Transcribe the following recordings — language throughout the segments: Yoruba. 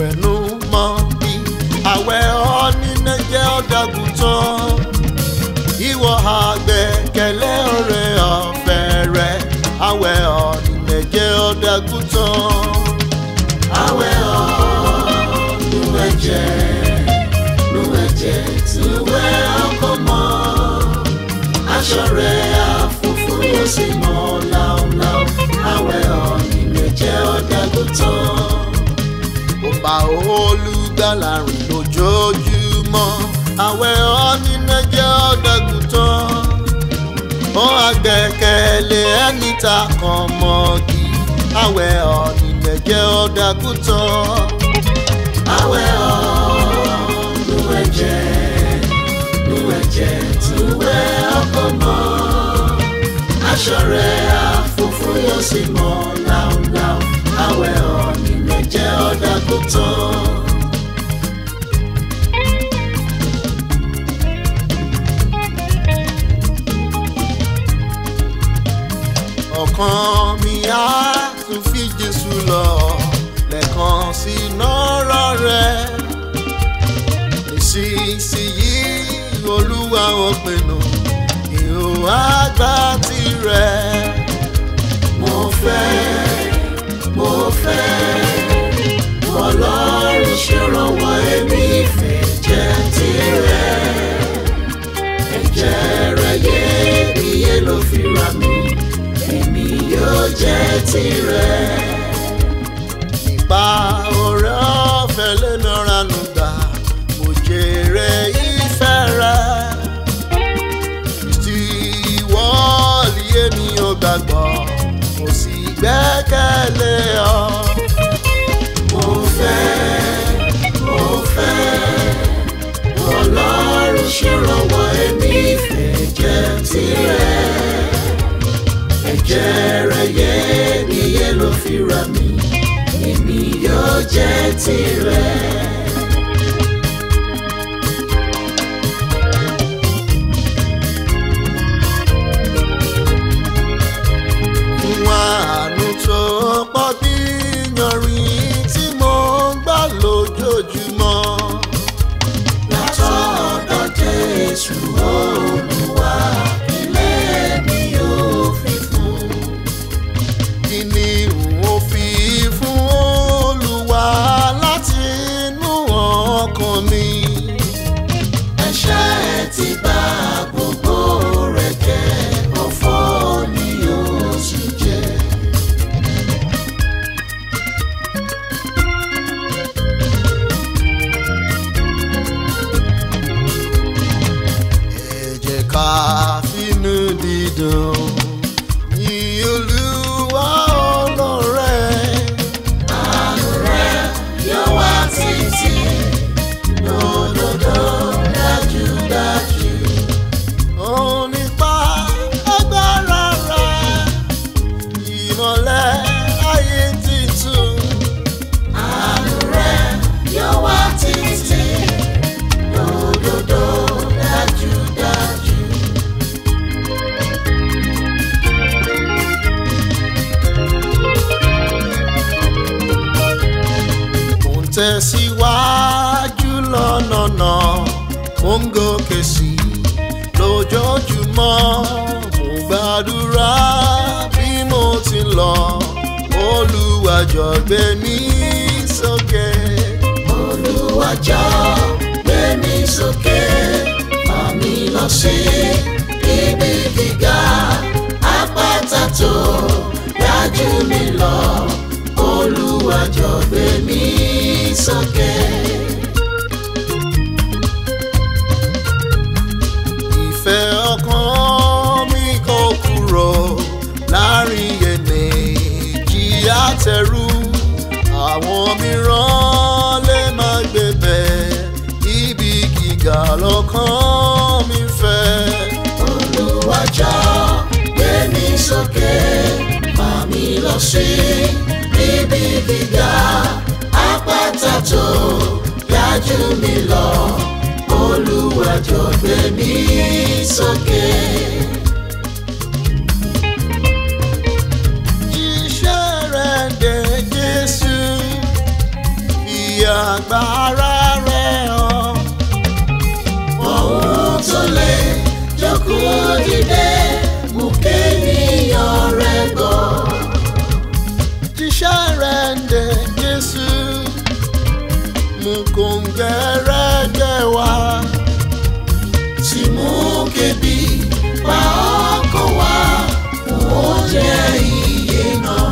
wẹ̀nu mọ́ bí àwẹ̀ ọ́ nínú jẹ́ ọ̀dàgùtàn ìwọ àgbẹ̀kẹ̀lé ọ̀rẹ́ ọ̀fẹ́ rẹ̀ àwẹ̀ ọ́ nínú jẹ́ ọ̀dàgùtàn. àwẹ̀ ọ́ nínú ẹ̀jẹ̀ nínú ẹ̀jẹ̀ tí wẹ́ ọkọ̀ mọ́ aṣọ rẹ̀ àfúfún ló sì mọ́ láúláú àwẹ̀ ọ́ nínú ẹ̀jẹ̀ ọ̀dàgùtàn gbàlà rìn lójoojúmọ́ àwẹ̀ ọ́nínà jẹ́ ọ̀dọ́gùn tán ó àgbẹ̀kẹ̀lé ẹni ta kan mọ́gì àwẹ̀ ọ̀nínà jẹ́ ọ̀dọ́gùn tán. àwẹ̀ ọ̀nùwẹ̀jẹ̀ lùwẹ̀jẹ̀ tùwẹ̀ ọkọ̀ mọ́ aṣọ rẹ̀ àfúfú yóò sì mọ́ láúláú àwẹ̀ ọ̀nínà jẹ́ ọ̀dọ́gùn tán. ọkàn mi á tún fi Jésù lọ lẹ́ẹ̀kan sí nọ́rọ̀ rẹ̀ nísinsìnyí Olúwa ó pinnu ìhò àgbà tirẹ̀. mo fẹ́ mo fẹ́ Ọlọ́run ṣèrànwọ́ èmi ìfẹ́ jẹ́ tirẹ̀ ẹ̀jẹ̀ rẹ̀ yé mi yé ló fi yóò jẹ́ tirẹ̀. ìpa ọ̀rẹ́ ọ̀fẹ́ lẹ́nu ranú gbà mo jèrè ìfẹ́ rẹ̀. tí ìwọ́ọ̀lì èmi ò gbàgbọ́ mo sì gbẹ́kẹ̀lé ọ. jẹ́ do ń gòkè sí lójoojúmọ́ mo gbàdúrà bí mo ti lọ Olúwa jọ̀ọ́ gbé mi sókè. Olúwa jọ̀ọ́ gbé mi sókè má mi lọ sí ibi gíga àpáta tó ga jù lọ Olúwa gbé mi sókè. yìí ló ṣe níbi gíga àpáta tó ga jù mí lọ Olúwa jọ gbé mi sókè. iṣẹ́ rẹ̀ dé Jésù ìyá agbára. jẹ́rẹ́jẹ́ wa tí mú pa ọkọ̀ wa ó jẹ́ iye náà.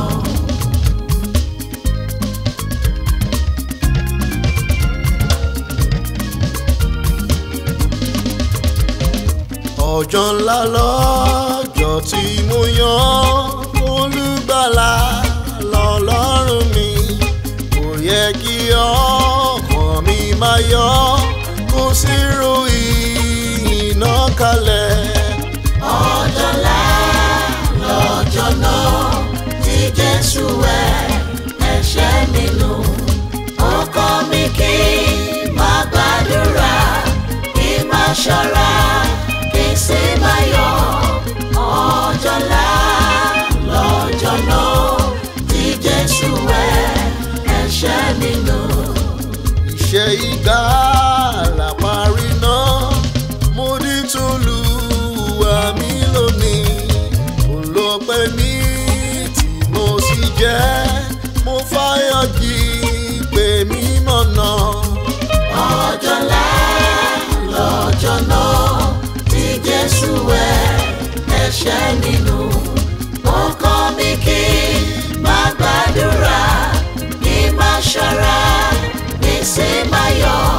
ọjọ́ ńlá lọ́jọ́ tí mo yan olùgbàlà lọ́lọ́run mi kò yẹ kí ọ́ máa yọ kò sí ru ìyìnà kalẹ̀. ọjọ́ ńlá lọ́jọ́ náà tí Jésù wẹ̀ ẹ̀ṣẹ̀ mi nù ó kọ́ mi kí má gbàdúrà kí má ṣọ́ra kí sì má yọ ọjọ́ ńlá náà tí Jésù wẹ̀ ẹ̀ṣẹ̀ mi nù gàlà parí náà mo ní tòlúwa mi lónìí olópẹ́ ní tí mo sì jẹ́ mo fáyọ̀ jì ó kọ́ mi kí má gbàdúrà ní má ṣọ́ra. yard.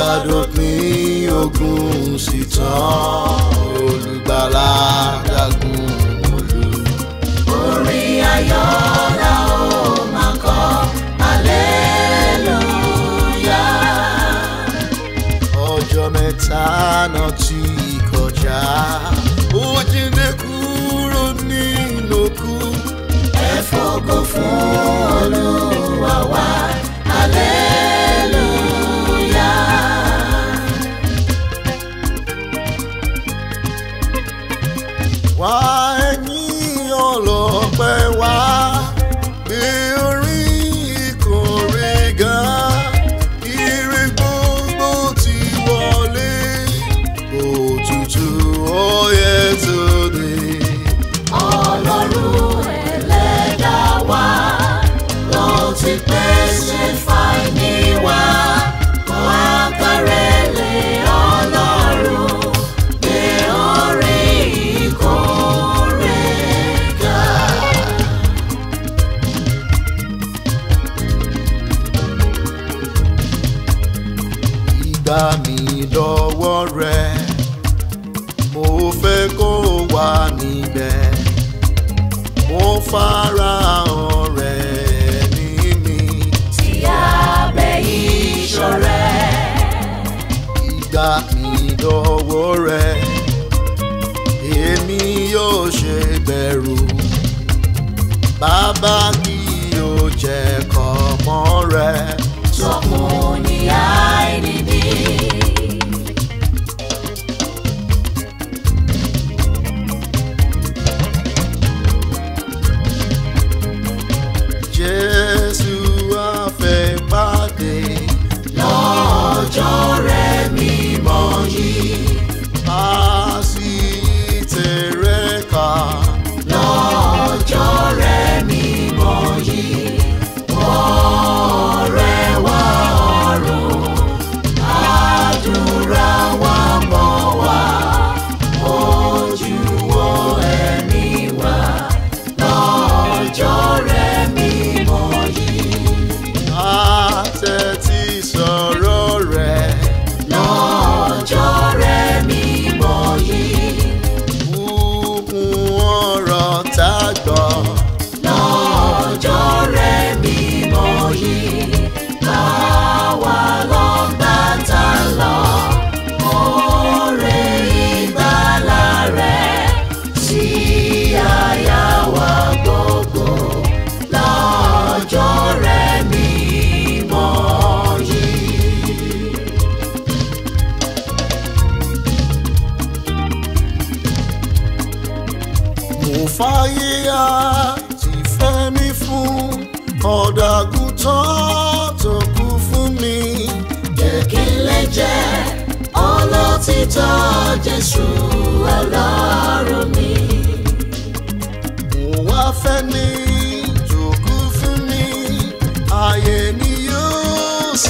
ṣàdópin ogun sì tán olùgbàlà dágun olú. orin ayọ̀ la ó máa kọ aleluya. ọjọ́ mẹ́ta náà ti kọjá ó jíǹde kúrò nínú òkú. ẹ fògo fún olúwa wa aleluya.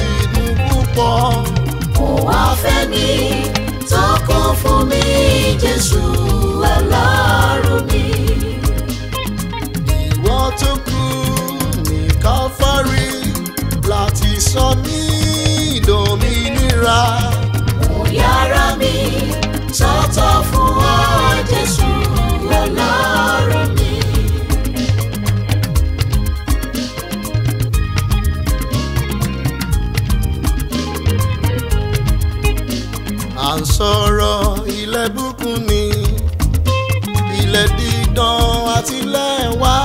Tinubu pọ̀. kò wá fẹ́ mi tó kún fún mi Jésù Ọlọ́run mi. ìwọ tó kú ní Káfárì láti sọ mí ìdòmìnira. kò yára mi sọ́tọ̀ fún ọ Jésù. sọ̀rọ̀ ilẹ̀ bùkún ni ilẹ̀ dídán àtìlẹ̀ wá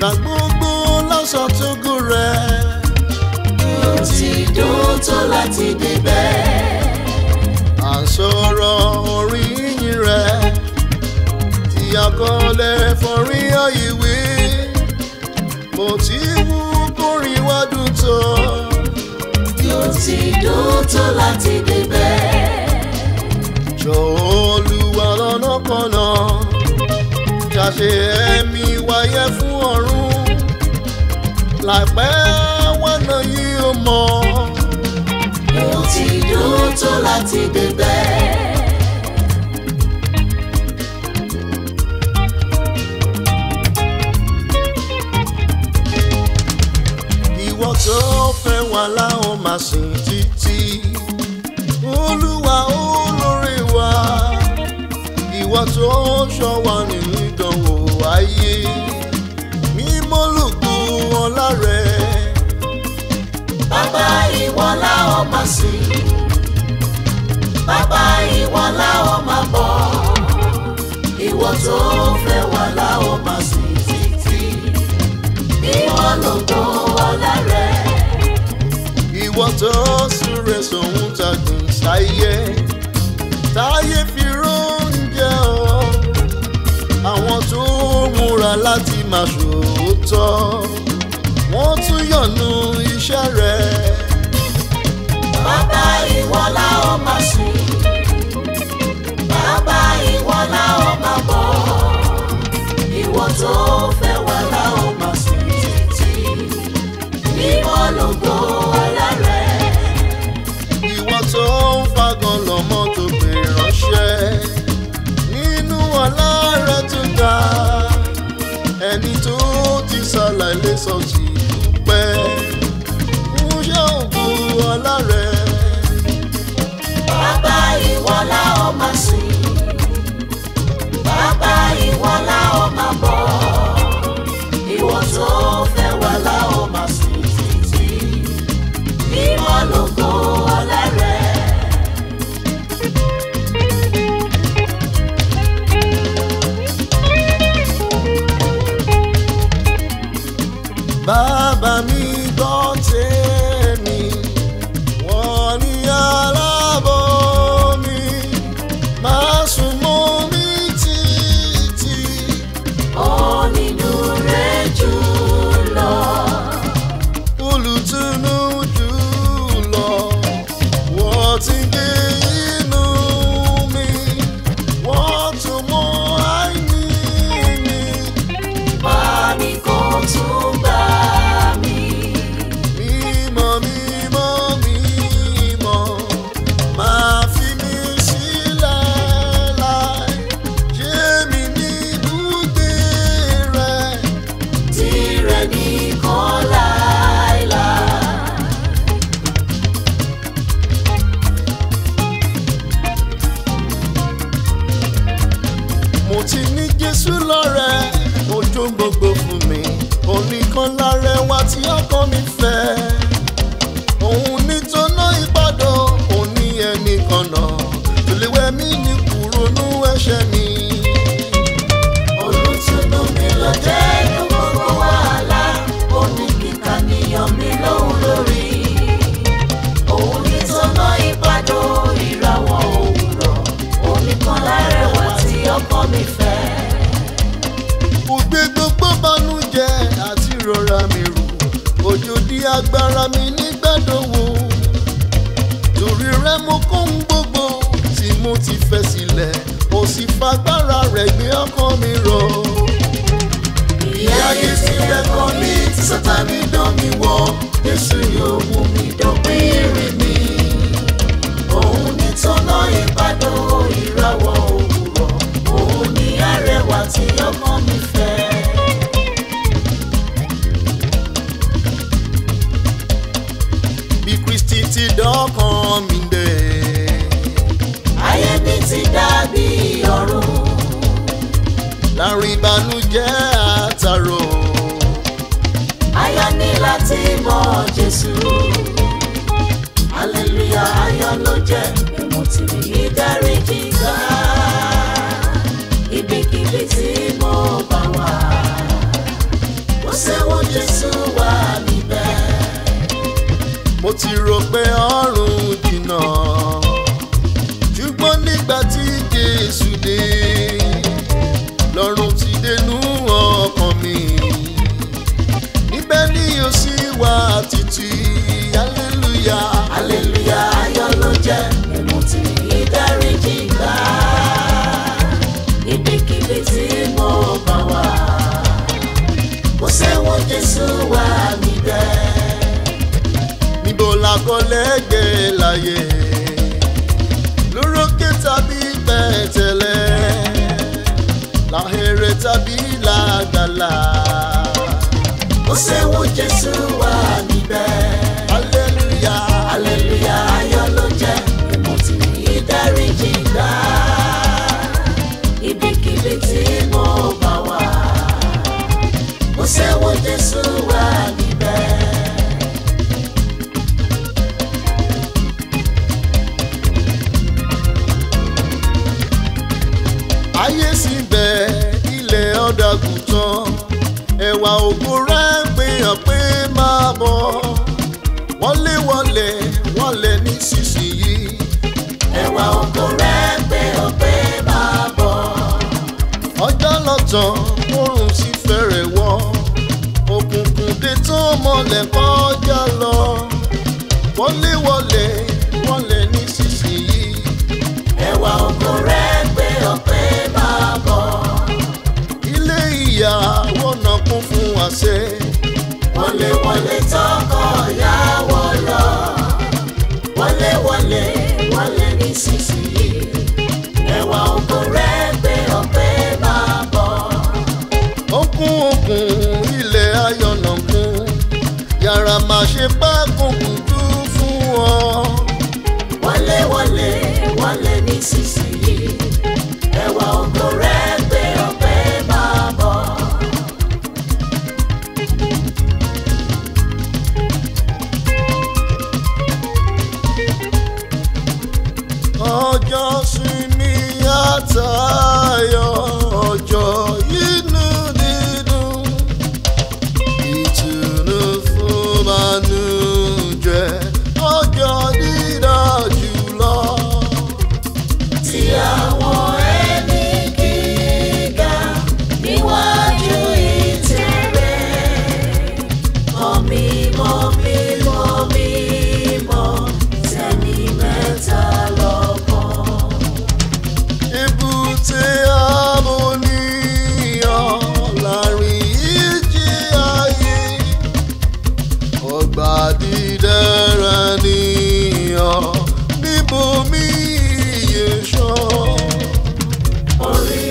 gbà gbogbo lọ́sọ̀ tó gùn rẹ̀. ó ti dùn tó láti débẹ̀. à ń sọ̀rọ̀ orí yìnyín rẹ̀ tí a kọ́ lẹ̀ mo ti wú kórìíwájú tó ti dùn tó láti débẹ̀. jọ olúwa lọ́nà kọ́nà ṣàṣe ẹ̀mí wáyé fún ọ̀run láìpẹ́ wọnà yìí ó mọ̀. mo ti dùn tó láti débẹ̀. wa láwọn máa sìn títí olúwa olórí wa ìwọ tó ṣọ́ wa nínú ìdánwò ayé mímọ́ lóògùn ọlá rẹ. bàbá ìwọ láwọn máa sìn bàbá. tó súre sòun tagùn sáyé táyé fi róúnjẹ ọ àwọn tó múra láti máa ṣòótọ́ wọ́n tún yọ̀nù iṣẹ́ rẹ̀. bàbá ìwọ la ó máa bàbá ìwọ la bọ̀ ìwọ tó fẹ́ wá la ó máa sìn títí mímọ́ lógo. ẹni tó ti ṣàlàyé sọ sí dúpẹ́ ń ṣe òkú ọlá rẹ̀. Bye. agbára mi nígbàdòwò torí rẹ mo kó ń gbogbo tí mo ti fẹ́ sílẹ̀ ó sì fagbára rẹ̀ gbé ọkàn mi rọ̀. ìyá ayé ti rẹ́kọ̀ mi tí Sátánì dán mi wò Jésù yóò mú mi dópin èrè mi òun ní tọ́nà ìbàdàn ìràwọ̀ òwúrọ̀ òun ní arẹwà tí ọkàn mi fẹ́. orin ìbànújẹ́ àtàrò. ayọ̀ ni láti mọ̀ Jésù hallelujah ayọ̀ ló jẹ́ mo ti rí ìdáríjì gbà ibikíbi tí mo bá wà ó ṣẹ́wọ́ Jésù wà níbẹ̀. mo ti rò pé ọ̀run. jésù wà níbẹ̀. níbo la kọ́ lẹ́gẹ̀ẹ́ láyé lórókè tàbí pẹ̀tẹ́lẹ̀ láhẹ̀rẹ̀ tàbí làgbàlá. ó ṣe wo jésù wà níbẹ̀. kò sẹ́wọ́ Jésù wà níbẹ̀. ayé sì bẹ ilẹ̀ ọ̀dàgùtàn ẹ̀wà ògo ráńpẹ́ hàn pé máa bọ̀ wọlé wọlé wọlé nísinsìnyí. ẹ̀wà ògo ráńpẹ́ wọlé kọjá lọ wọ́n lé wọlé wọ́n lè ní sísì yìí. ẹwà oko rẹ gbé ọpẹ́ máa bọ̀. ilé ìyá wọn náà kún fún wa ṣe. wọlé wọlé tọkọ ìyàwó lọ wọlé wọlé wọlé ní sísì. àṣepá.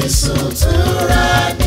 to túra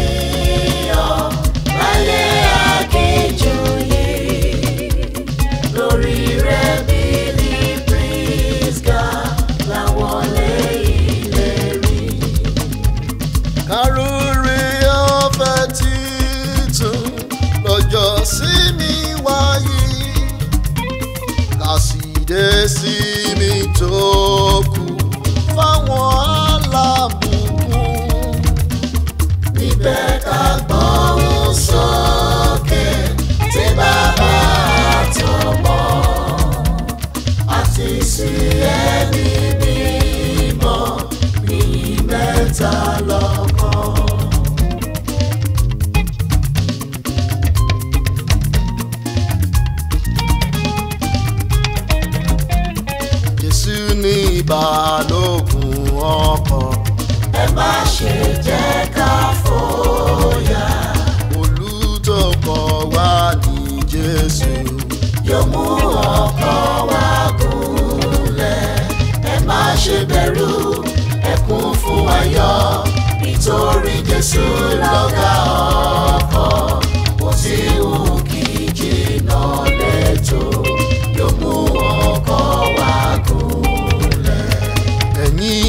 balógun ọkọ̀. ẹ má ṣe jẹ́ ká fòyà. olùdókọ̀ wa ní Jésù. yóò mú ọkọ̀ wa gúnlẹ̀. ẹ má ṣe bẹ̀rù ẹ fún ayọ̀ nítorí Jésù lọ́gá ọkọ̀ kò sí wù.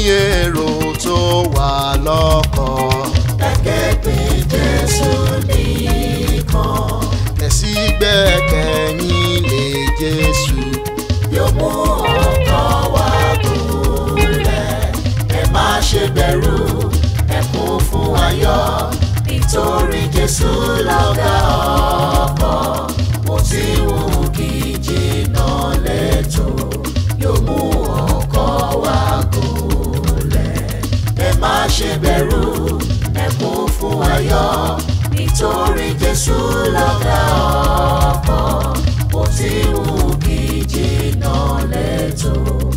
èrò tó wà lọ́kàn. Ẹgbẹ́ Jésù nìkan. Ẹ̀sí gbẹ́kẹ̀yìn lé Jésù. Yóò mú ọkàn wá gúnlẹ̀. Ẹ má ṣe bẹ̀rù, ẹ kún fún ayọ̀. Nítorí Jésù lọ́gàá. ṣe bẹ̀rù ẹkún fún ayọ̀ nítorí Jésù lọ́gá ọkọ̀ ó ti mú kí jìnnà lẹ́tọ̀ọ́.